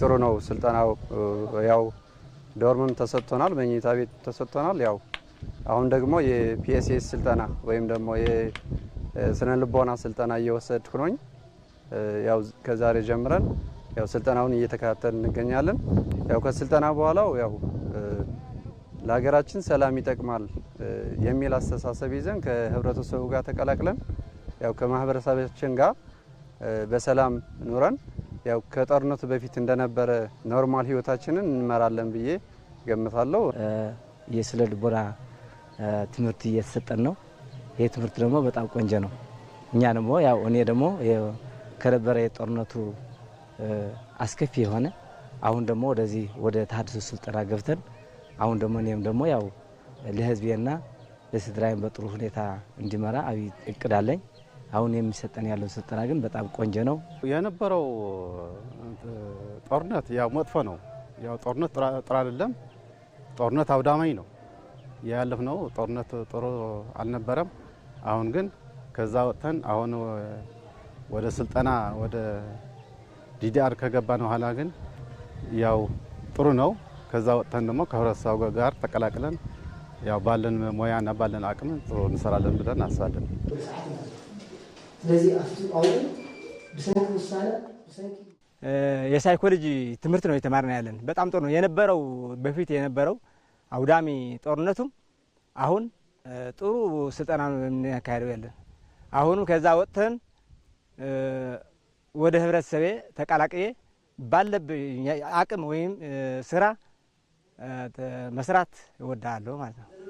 ጥሩ ነው ስልጠናው። ያው ዶርምም ተሰጥቶናል፣ መኝታ ቤት ተሰጥቶናል። ያው አሁን ደግሞ የፒኤስኤስ ስልጠና ወይም ደግሞ የስነ ልቦና ስልጠና እየወሰድኩ ነኝ። ያው ከዛሬ ጀምረን ያው ስልጠናውን እየተከታተል እንገኛለን። ያው ከስልጠና በኋላው ያው ለሀገራችን ሰላም ይጠቅማል የሚል አስተሳሰብ ይዘን ከህብረተሰቡ ጋር ተቀላቅለን ያው ከማህበረሰባችን ጋር በሰላም ኑረን ያው ከጦርነቱ በፊት እንደነበረ ኖርማል ህይወታችንን እንመራለን ብዬ ገምታለሁ። የስነ ልቦና ትምህርት እየተሰጠን ነው። ይህ ትምህርት ደግሞ በጣም ቆንጆ ነው። እኛ ደግሞ ያው እኔ ደግሞ ከነበረ የጦርነቱ አስከፊ የሆነ አሁን ደግሞ ወደዚህ ወደ ተሃድሶ ስልጠና ገብተን አሁን ደግሞ እኔም ደግሞ ያው ለህዝቤና ለስድራዬን በጥሩ ሁኔታ እንዲመራ አብይ እቅድ አለኝ። አሁን የሚሰጠን ያለው ስልጠና ግን በጣም ቆንጆ ነው። የነበረው ጦርነት ያው መጥፎ ነው። ያው ጦርነት ጥሩ አይደለም። ጦርነት አውዳማኝ ነው። ነው ጦርነት ጥሩ አልነበረም። አሁን ግን ከዛ ወጥተን አሁን ወደ ስልጠና ወደ ዲዲአር ከገባን በኋላ ግን ያው ጥሩ ነው። ከዛ ወጥተን ደግሞ ከህብረተሰቡ ጋር ተቀላቅለን ያው ባለን ሙያና ባለን አቅም ጥሩ እንሰራለን ብለን አስባለን። ስለዚህ አፍቱ አውለን ብሰንክ ውሳነ ብሰንክ የሳይኮሎጂ ትምህርት ነው የተማርነ ያለን። በጣም ጥሩ ነው የነበረው በፊት የነበረው አውዳሚ ጦርነቱም አሁን ጥሩ ስልጠና ነው የምንካሄደው ያለን። አሁንም ከዛ ወጥተን ወደ ህብረተሰቤ ተቀላቅዬ ባለብኝ አቅም ወይም ስራ መስራት እወዳለሁ ማለት ነው።